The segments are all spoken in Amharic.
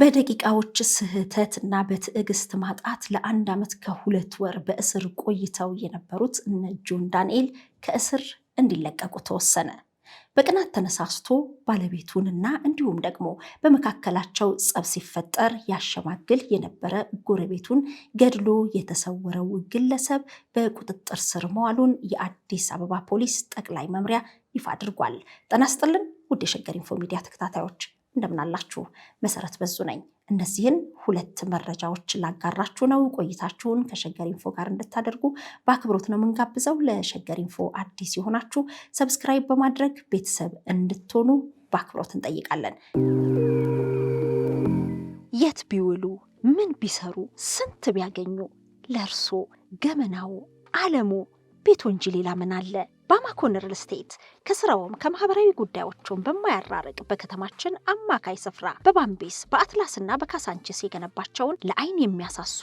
በደቂቃዎች ስህተት እና በትዕግስት ማጣት ለአንድ ዓመት ከሁለት ወር በእስር ቆይተው የነበሩት እነ ጆን ዳንኤል ከእስር እንዲለቀቁ ተወሰነ። በቅናት ተነሳስቶ ባለቤቱንና እንዲሁም ደግሞ በመካከላቸው ጸብ ሲፈጠር ያሸማግል የነበረ ጎረቤቱን ገድሎ የተሰወረው ግለሰብ በቁጥጥር ስር መዋሉን የአዲስ አበባ ፖሊስ ጠቅላይ መምሪያ ይፋ አድርጓል። ጤና ይስጥልን ውድ የሸገር ኢንፎ ሚዲያ ተከታታዮች እንደምናላችሁ መሰረት በዙ ነኝ። እነዚህን ሁለት መረጃዎች ላጋራችሁ ነው። ቆይታችሁን ከሸገር ኢንፎ ጋር እንድታደርጉ በአክብሮት ነው የምንጋብዘው። ለሸገር ኢንፎ አዲስ የሆናችሁ ሰብስክራይብ በማድረግ ቤተሰብ እንድትሆኑ በአክብሮት እንጠይቃለን። የት ቢውሉ ምን ቢሰሩ ስንት ቢያገኙ ለእርሶ ገመናው አለሙ ቤቶ እንጂ ሌላ ምን አለ? ባማኮን ሪል ስቴት ከስራውም ከማህበራዊ ጉዳዮቹም በማያራርቅ በከተማችን አማካይ ስፍራ በባምቤስ በአትላስና በካሳንቺስ የገነባቸውን ለአይን የሚያሳሱ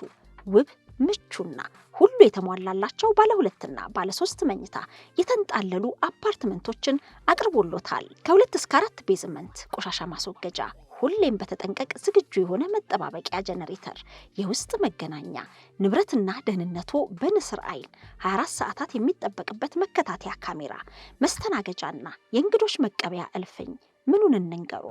ውብ ምቹና ሁሉ የተሟላላቸው ባለ ሁለትና ባለ ሶስት መኝታ የተንጣለሉ አፓርትመንቶችን አቅርቦሎታል። ከሁለት እስከ አራት ቤዝመንት ቆሻሻ ማስወገጃ ሁሌም በተጠንቀቅ ዝግጁ የሆነ መጠባበቂያ ጀነሬተር፣ የውስጥ መገናኛ፣ ንብረትና ደህንነቱ በንስር አይን 24 ሰዓታት የሚጠበቅበት መከታተያ ካሜራ፣ መስተናገጃና የእንግዶች መቀበያ እልፍኝ። ምኑን እንንገሩ?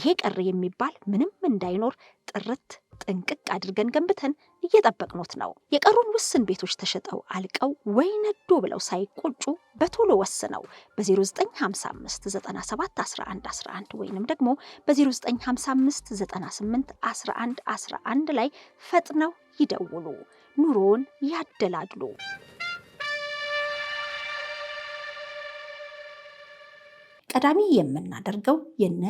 ይሄ ቀር የሚባል ምንም እንዳይኖር ጥርት ጥንቅቅ አድርገን ገንብተን እየጠበቅኖት ነው። የቀሩን ውስን ቤቶች ተሸጠው አልቀው ወይ ነዶ ብለው ሳይቆጩ በቶሎ ወስነው በ0955971111 ወይንም ደግሞ በ0955981111 ላይ ፈጥነው ይደውሉ። ኑሮውን ያደላድሉ። ቀዳሚ የምናደርገው የነ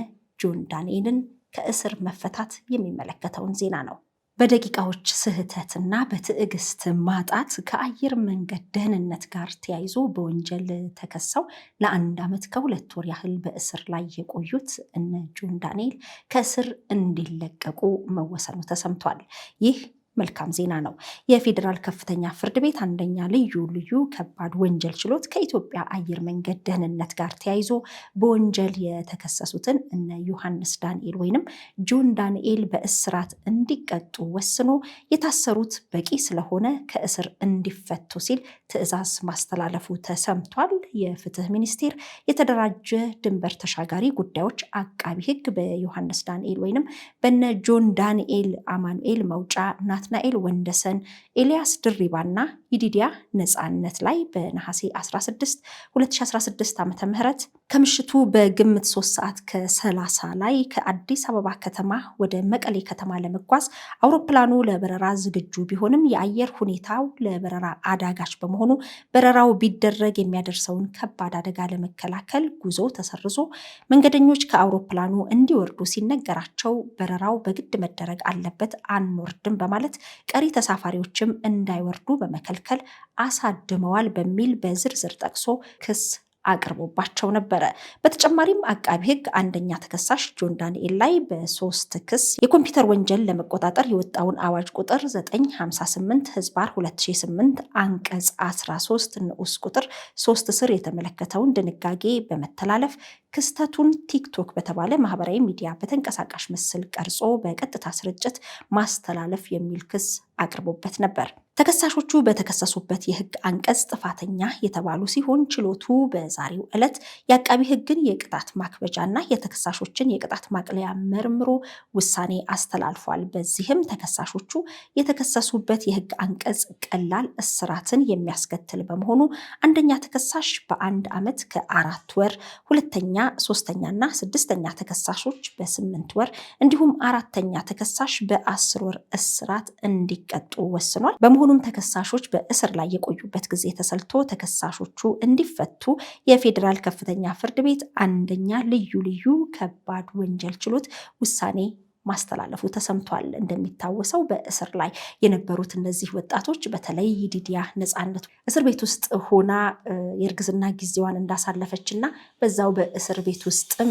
ጆን ዳንኤልን ከእስር መፈታት የሚመለከተውን ዜና ነው። በደቂቃዎች ስህተትና በትዕግስት ማጣት ከአየር መንገድ ደህንነት ጋር ተያይዞ በወንጀል ተከሰው ለአንድ ዓመት ከሁለት ወር ያህል በእስር ላይ የቆዩት እነ ጆን ዳንኤል ከእስር እንዲለቀቁ መወሰኑ ተሰምቷል። ይህ መልካም ዜና ነው። የፌዴራል ከፍተኛ ፍርድ ቤት አንደኛ ልዩ ልዩ ከባድ ወንጀል ችሎት ከኢትዮጵያ አየር መንገድ ደህንነት ጋር ተያይዞ በወንጀል የተከሰሱትን እነ ዮሐንስ ዳንኤል ወይንም ጆን ዳንኤል በእስራት እንዲቀጡ ወስኖ የታሰሩት በቂ ስለሆነ ከእስር እንዲፈቱ ሲል ትዕዛዝ ማስተላለፉ ተሰምቷል። የፍትህ ሚኒስቴር የተደራጀ ድንበር ተሻጋሪ ጉዳዮች አቃቢ ህግ በዮሐንስ ዳንኤል ወይንም በነ ጆን ዳንኤል አማኑኤል መውጫ ናት ናትናኤል ወንደሰን፣ ኤልያስ ድሪባና ይዲዲያ ነፃነት ላይ በነሐሴ 16 2016 ዓ ም ከምሽቱ በግምት 3 ሰዓት ከ30 ላይ ከአዲስ አበባ ከተማ ወደ መቀሌ ከተማ ለመጓዝ አውሮፕላኑ ለበረራ ዝግጁ ቢሆንም የአየር ሁኔታው ለበረራ አዳጋች በመሆኑ በረራው ቢደረግ የሚያደርሰውን ከባድ አደጋ ለመከላከል ጉዞ ተሰርዞ መንገደኞች ከአውሮፕላኑ እንዲወርዱ ሲነገራቸው በረራው በግድ መደረግ አለበት አንወርድም በማለት ቀሪ ተሳፋሪዎችም እንዳይወርዱ በመከልከል አሳድመዋል በሚል በዝርዝር ጠቅሶ ክስ አቅርቦባቸው ነበረ። በተጨማሪም አቃቢ ሕግ አንደኛ ተከሳሽ ጆን ዳንኤል ላይ በሶስት ክስ የኮምፒውተር ወንጀል ለመቆጣጠር የወጣውን አዋጅ ቁጥር 958 ህዝባር 2008 አንቀጽ 13 ንዑስ ቁጥር 3 ስር የተመለከተውን ድንጋጌ በመተላለፍ ክስተቱን ቲክቶክ በተባለ ማህበራዊ ሚዲያ በተንቀሳቃሽ ምስል ቀርጾ በቀጥታ ስርጭት ማስተላለፍ የሚል ክስ አቅርቦበት ነበር። ተከሳሾቹ በተከሰሱበት የህግ አንቀጽ ጥፋተኛ የተባሉ ሲሆን ችሎቱ በዛሬው ዕለት የአቃቢ ህግን የቅጣት ማክበጃና የተከሳሾችን የቅጣት ማቅለያ መርምሮ ውሳኔ አስተላልፏል። በዚህም ተከሳሾቹ የተከሰሱበት የህግ አንቀጽ ቀላል እስራትን የሚያስከትል በመሆኑ አንደኛ ተከሳሽ በአንድ ዓመት ከአራት ወር፣ ሁለተኛ፣ ሶስተኛና ስድስተኛ ተከሳሾች በስምንት ወር እንዲሁም አራተኛ ተከሳሽ በአስር ወር እስራት እንዲቀጡ ወስኗል። አሁኑም ተከሳሾች በእስር ላይ የቆዩበት ጊዜ ተሰልቶ ተከሳሾቹ እንዲፈቱ የፌዴራል ከፍተኛ ፍርድ ቤት አንደኛ ልዩ ልዩ ከባድ ወንጀል ችሎት ውሳኔ ማስተላለፉ ተሰምቷል። እንደሚታወሰው በእስር ላይ የነበሩት እነዚህ ወጣቶች በተለይ ዲዲያ ነፃነቱ እስር ቤት ውስጥ ሆና የእርግዝና ጊዜዋን እንዳሳለፈች እና በዛው በእስር ቤት ውስጥም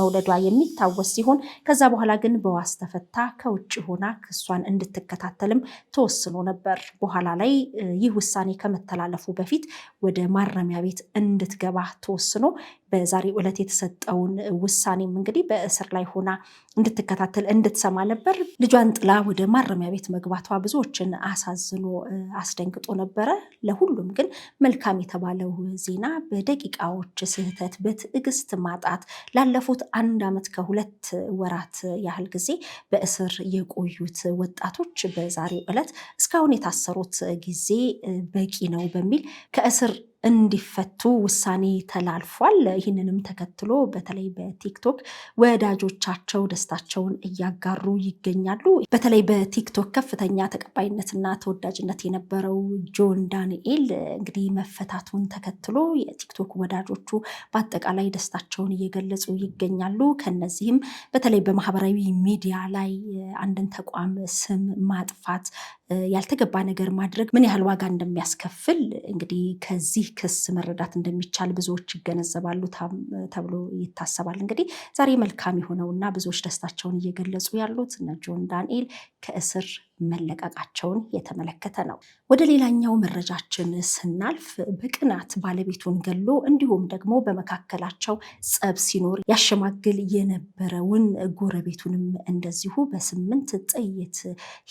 መውለዷ የሚታወስ ሲሆን ከዛ በኋላ ግን በዋስ ተፈታ ከውጭ ሆና ክሷን እንድትከታተልም ተወስኖ ነበር። በኋላ ላይ ይህ ውሳኔ ከመተላለፉ በፊት ወደ ማረሚያ ቤት እንድትገባ ተወስኖ በዛሬ ዕለት የተሰጠውን ውሳኔም እንግዲህ በእስር ላይ ሆና እንድትከታተል እንድትሰማ ነበር። ልጇን ጥላ ወደ ማረሚያ ቤት መግባቷ ብዙዎችን አሳዝኖ አስደንግጦ ነበረ። ለሁሉም ግን መልካም የተባለው ዜና በደቂቃዎች ስህተት በትዕግስት ማጣት ላለፉት አንድ ዓመት ከሁለት ወራት ያህል ጊዜ በእስር የቆዩት ወጣቶች በዛሬው ዕለት እስካሁን የታሰሩት ጊዜ በቂ ነው በሚል ከእስር እንዲፈቱ ውሳኔ ተላልፏል። ይህንንም ተከትሎ በተለይ በቲክቶክ ወዳጆቻቸው ደስታቸውን እያጋሩ ይገኛሉ። በተለይ በቲክቶክ ከፍተኛ ተቀባይነትና ተወዳጅነት የነበረው ጆን ዳንኤል እንግዲህ መፈታቱን ተከትሎ የቲክቶክ ወዳጆቹ በአጠቃላይ ደስታቸውን እየገለጹ ይገኛሉ። ከነዚህም በተለይ በማህበራዊ ሚዲያ ላይ አንድን ተቋም ስም ማጥፋት፣ ያልተገባ ነገር ማድረግ ምን ያህል ዋጋ እንደሚያስከፍል እንግዲህ ከዚህ ክስ መረዳት እንደሚቻል ብዙዎች ይገነዘባሉ ተብሎ ይታሰባል። እንግዲህ ዛሬ መልካም የሆነውና ብዙዎች ደስታቸውን እየገለጹ ያሉት እነ ጆን ዳንኤል ከእስር መለቀቃቸውን የተመለከተ ነው። ወደ ሌላኛው መረጃችን ስናልፍ በቅናት ባለቤቱን ገሎ እንዲሁም ደግሞ በመካከላቸው ጸብ ሲኖር ያሸማግል የነበረውን ጎረቤቱንም እንደዚሁ በስምንት ጥይት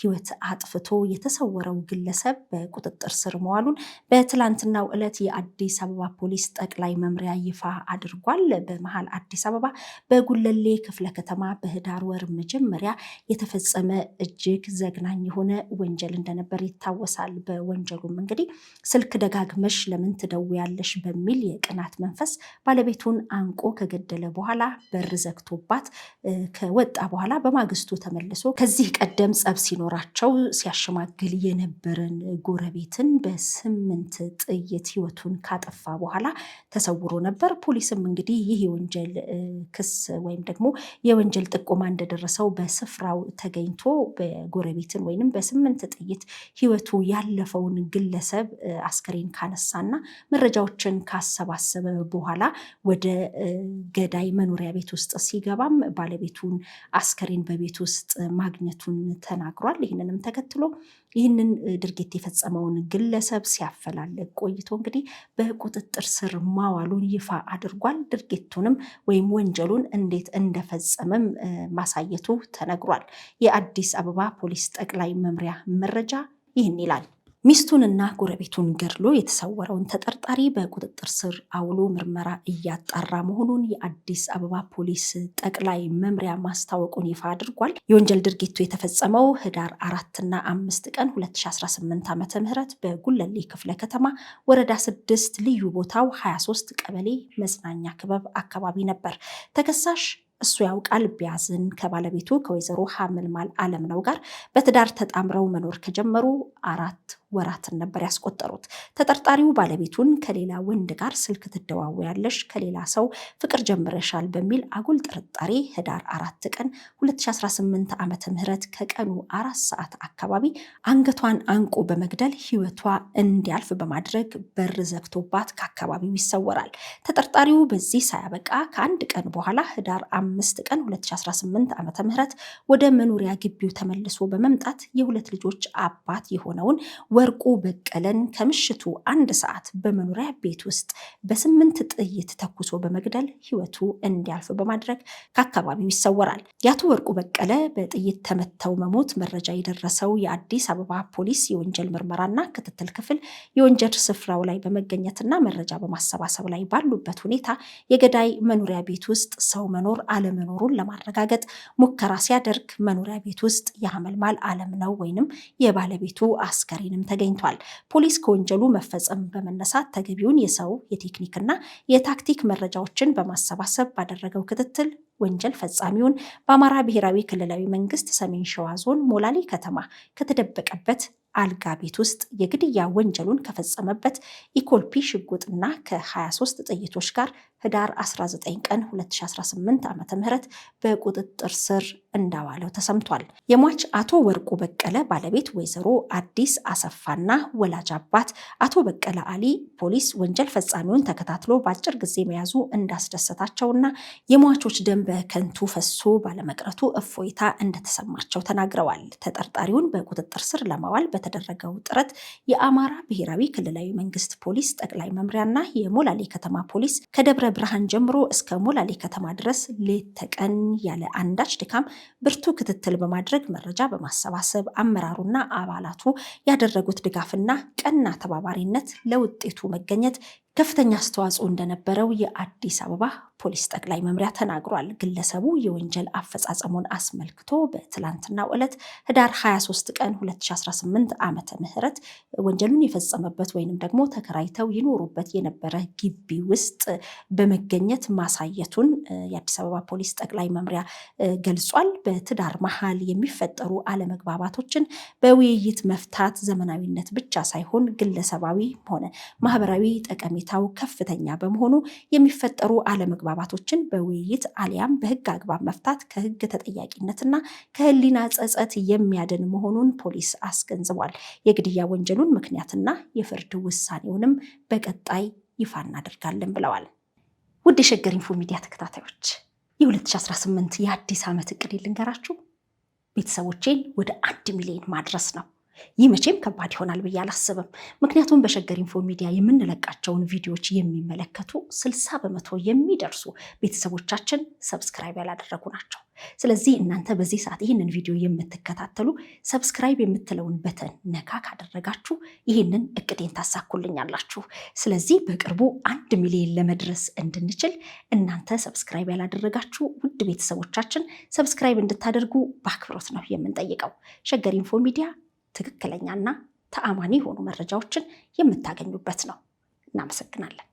ሕይወት አጥፍቶ የተሰወረው ግለሰብ በቁጥጥር ስር መዋሉን በትላንትናው ዕለት የአዲስ አበባ ፖሊስ ጠቅላይ መምሪያ ይፋ አድርጓል። በመሀል አዲስ አበባ በጉለሌ ክፍለ ከተማ በህዳር ወር መጀመሪያ የተፈጸመ እጅግ ዘግናኝ ዘግናኝ የሆነ ወንጀል እንደነበር ይታወሳል። በወንጀሉም እንግዲህ ስልክ ደጋግመሽ ለምን ትደውያለሽ በሚል የቅናት መንፈስ ባለቤቱን አንቆ ከገደለ በኋላ በር ዘግቶባት ከወጣ በኋላ በማግስቱ ተመልሶ ከዚህ ቀደም ጸብ ሲኖራቸው ሲያሸማግል የነበረን ጎረቤትን በስምንት ጥይት ህይወቱን ካጠፋ በኋላ ተሰውሮ ነበር። ፖሊስም እንግዲህ ይህ የወንጀል ክስ ወይም ደግሞ የወንጀል ጥቆማ እንደደረሰው በስፍራው ተገኝቶ በጎረቤትን ወይንም በስምንት ጥይት ህይወቱ ያለፈውን ግለሰብ አስከሬን ካነሳና መረጃዎችን ካሰባሰበ በኋላ ወደ ገዳይ መኖሪያ ቤት ውስጥ ሲገባም ባለቤቱን አስከሬን በቤት ውስጥ ማግኘቱን ተናግሯል። ይህንንም ተከትሎ ይህንን ድርጊት የፈጸመውን ግለሰብ ሲያፈላልግ ቆይቶ እንግዲህ በቁጥጥር ስር ማዋሉን ይፋ አድርጓል። ድርጊቱንም ወይም ወንጀሉን እንዴት እንደፈጸመም ማሳየቱ ተነግሯል። የአዲስ አበባ ፖሊስ ጠቅላይ መምሪያ መረጃ ይህን ይላል። ሚስቱንና ጎረቤቱን ገድሎ የተሰወረውን ተጠርጣሪ በቁጥጥር ስር አውሎ ምርመራ እያጣራ መሆኑን የአዲስ አበባ ፖሊስ ጠቅላይ መምሪያ ማስታወቁን ይፋ አድርጓል። የወንጀል ድርጊቱ የተፈጸመው ህዳር አራትና አምስት ቀን 2018 ዓ ም በጉለሌ ክፍለ ከተማ ወረዳ ስድስት ልዩ ቦታው 23 ቀበሌ መዝናኛ ክበብ አካባቢ ነበር። ተከሳሽ እሱ ያውቃል ቢያዝን ከባለቤቱ ከወይዘሮ ሀመልማል አለምነው ጋር በትዳር ተጣምረው መኖር ከጀመሩ አራት ወራትን ነበር ያስቆጠሩት። ተጠርጣሪው ባለቤቱን ከሌላ ወንድ ጋር ስልክ ትደዋወያለሽ፣ ከሌላ ሰው ፍቅር ጀምረሻል በሚል አጉል ጥርጣሬ ህዳር አራት ቀን 2018 ዓመተ ምህረት ከቀኑ አራት ሰዓት አካባቢ አንገቷን አንቆ በመግደል ህይወቷ እንዲያልፍ በማድረግ በር ዘግቶባት ከአካባቢው ይሰወራል። ተጠርጣሪው በዚህ ሳያበቃ ከአንድ ቀን በኋላ ህዳር አምስት ቀን 2018 ዓ ምህረት ወደ መኖሪያ ግቢው ተመልሶ በመምጣት የሁለት ልጆች አባት የሆነውን ወርቁ በቀለን ከምሽቱ አንድ ሰዓት በመኖሪያ ቤት ውስጥ በስምንት ጥይት ተኩሶ በመግደል ህይወቱ እንዲያልፍ በማድረግ ከአካባቢው ይሰወራል። የአቶ ወርቁ በቀለ በጥይት ተመተው መሞት መረጃ የደረሰው የአዲስ አበባ ፖሊስ የወንጀል ምርመራና ክትትል ክፍል የወንጀል ስፍራው ላይ በመገኘትና መረጃ በማሰባሰብ ላይ ባሉበት ሁኔታ የገዳይ መኖሪያ ቤት ውስጥ ሰው መኖር አለመኖሩን ለማረጋገጥ ሙከራ ሲያደርግ መኖሪያ ቤት ውስጥ የአመልማል አለም ነው ወይንም የባለቤቱ አስከሬንም ተገኝቷል። ፖሊስ ከወንጀሉ መፈጸም በመነሳት ተገቢውን የሰው የቴክኒክና የታክቲክ መረጃዎችን በማሰባሰብ ባደረገው ክትትል ወንጀል ፈጻሚውን በአማራ ብሔራዊ ክልላዊ መንግስት ሰሜን ሸዋ ዞን ሞላሌ ከተማ ከተደበቀበት አልጋ ቤት ውስጥ የግድያ ወንጀሉን ከፈጸመበት ኢኮልፒ ሽጉጥና ከ23 ጥይቶች ጋር ህዳር 19 ቀን 2018 ም በቁጥጥር ስር እንዳዋለው ተሰምቷል። የሟች አቶ ወርቁ በቀለ ባለቤት ወይዘሮ አዲስ አሰፋና ወላጅ አባት አቶ በቀለ አሊ ፖሊስ ወንጀል ፈጻሚውን ተከታትሎ በአጭር ጊዜ መያዙ እንዳስደሰታቸውና የሟቾች ደም በከንቱ ፈሶ ባለመቅረቱ እፎይታ እንደተሰማቸው ተናግረዋል። ተጠርጣሪውን በቁጥጥር ስር ለማዋል በተደረገው ጥረት የአማራ ብሔራዊ ክልላዊ መንግስት ፖሊስ ጠቅላይ መምሪያና የሞላሌ ከተማ ፖሊስ ከደብረ ብርሃን ጀምሮ እስከ ሞላሌ ከተማ ድረስ ሌት ተቀን ያለ አንዳች ድካም ብርቱ ክትትል በማድረግ መረጃ በማሰባሰብ አመራሩና አባላቱ ያደረጉት ድጋፍና ቀና ተባባሪነት ለውጤቱ መገኘት ከፍተኛ አስተዋጽኦ እንደነበረው የአዲስ አበባ ፖሊስ ጠቅላይ መምሪያ ተናግሯል። ግለሰቡ የወንጀል አፈጻጸሙን አስመልክቶ በትላንትናው ዕለት ህዳር 23 ቀን 2018 ዓመተ ምህረት ወንጀሉን የፈጸመበት ወይንም ደግሞ ተከራይተው ይኖሩበት የነበረ ግቢ ውስጥ በመገኘት ማሳየቱን የአዲስ አበባ ፖሊስ ጠቅላይ መምሪያ ገልጿል። በትዳር መሃል የሚፈጠሩ አለመግባባቶችን በውይይት መፍታት ዘመናዊነት ብቻ ሳይሆን ግለሰባዊ ሆነ ማህበራዊ ጠቀሜ ሁኔታው ከፍተኛ በመሆኑ የሚፈጠሩ አለመግባባቶችን በውይይት አሊያም በህግ አግባብ መፍታት ከህግ ተጠያቂነትና ከህሊና ጸጸት የሚያድን መሆኑን ፖሊስ አስገንዝቧል። የግድያ ወንጀሉን ምክንያትና የፍርድ ውሳኔውንም በቀጣይ ይፋ እናደርጋለን ብለዋል። ውድ የሸገር ኢንፎ ሚዲያ ተከታታዮች የ2018 የአዲስ ዓመት እቅድ ልንገራችሁ። ቤተሰቦቼን ወደ አንድ ሚሊዮን ማድረስ ነው። ይህ መቼም ከባድ ይሆናል ብዬ አላስብም። ምክንያቱም በሸገር ኢንፎ ሚዲያ የምንለቃቸውን ቪዲዮዎች የሚመለከቱ ስልሳ በመቶ የሚደርሱ ቤተሰቦቻችን ሰብስክራይብ ያላደረጉ ናቸው። ስለዚህ እናንተ በዚህ ሰዓት ይህንን ቪዲዮ የምትከታተሉ ሰብስክራይብ የምትለውን በተን ነካ ካደረጋችሁ ይህንን እቅዴን ታሳኩልኛላችሁ። ስለዚህ በቅርቡ አንድ ሚሊዮን ለመድረስ እንድንችል እናንተ ሰብስክራይብ ያላደረጋችሁ ውድ ቤተሰቦቻችን ሰብስክራይብ እንድታደርጉ በአክብሮት ነው የምንጠይቀው። ሸገር ኢንፎ ሚዲያ ትክክለኛና ተአማኒ የሆኑ መረጃዎችን የምታገኙበት ነው። እናመሰግናለን።